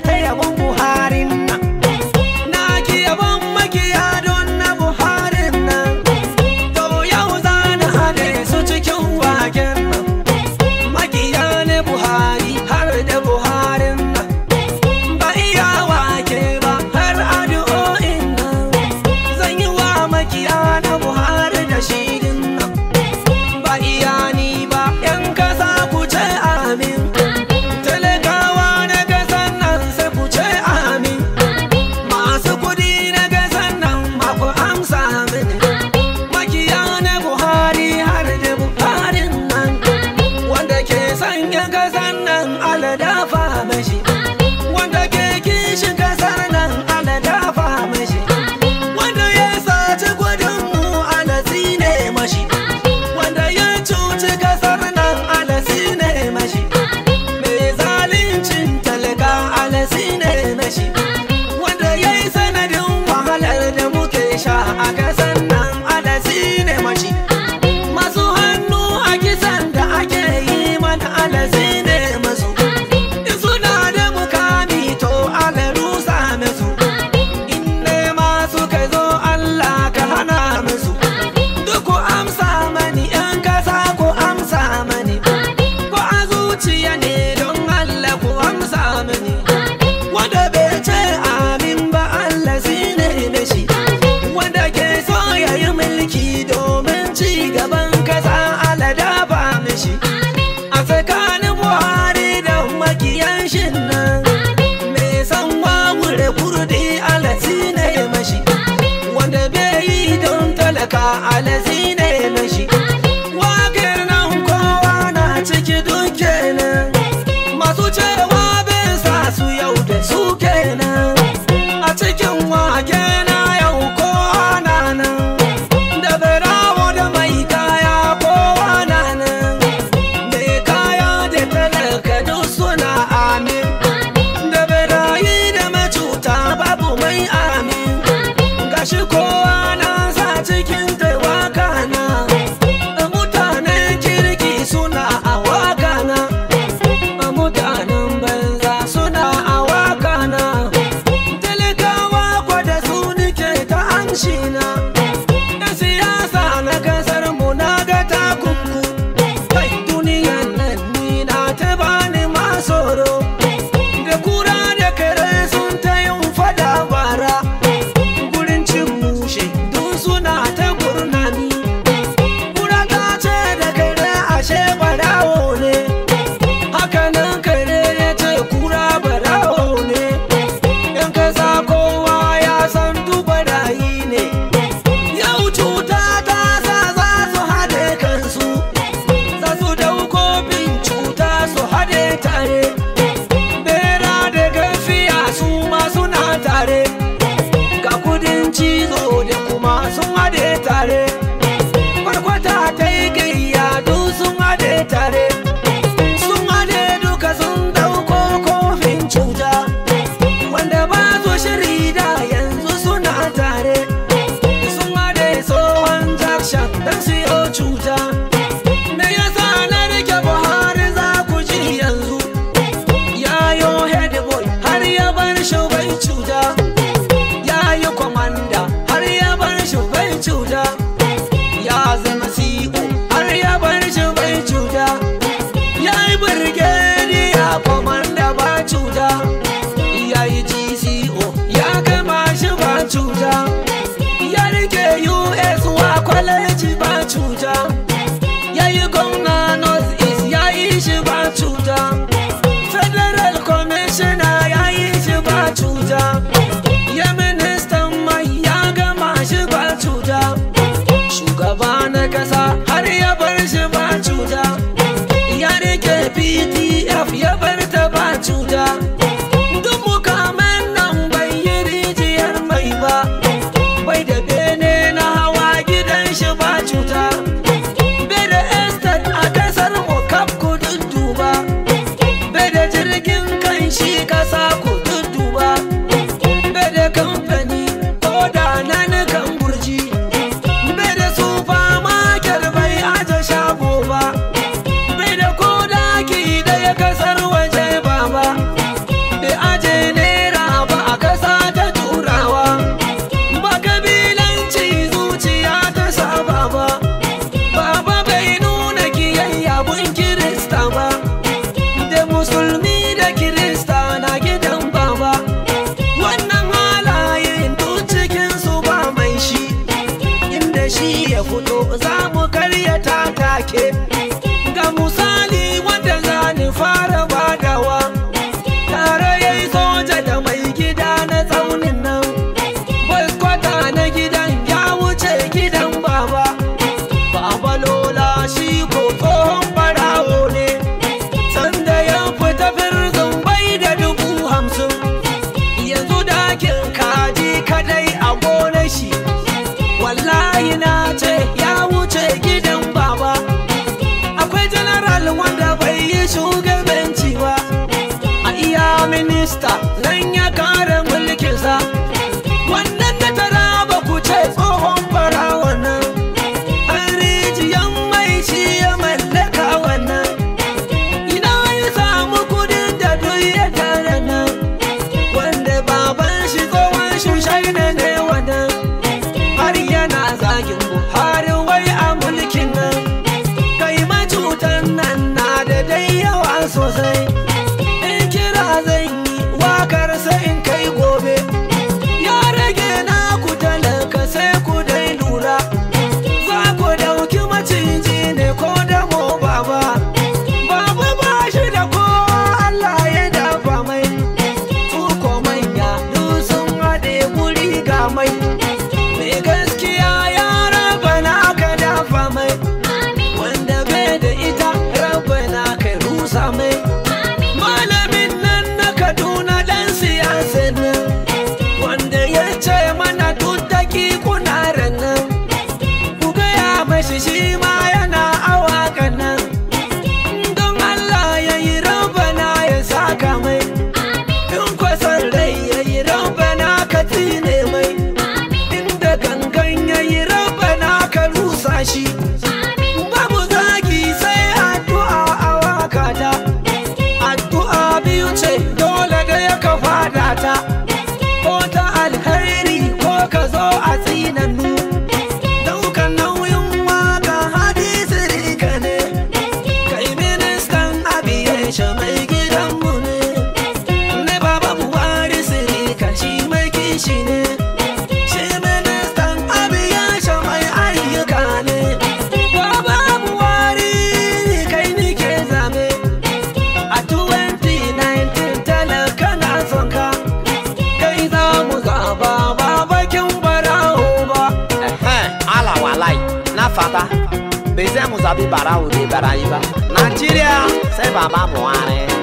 taya mun seen them ka alazina shi ƙasa ku like it. 谁希望？fata bezemu zabi bara ode bara yiba Nigeria seba ma Buhari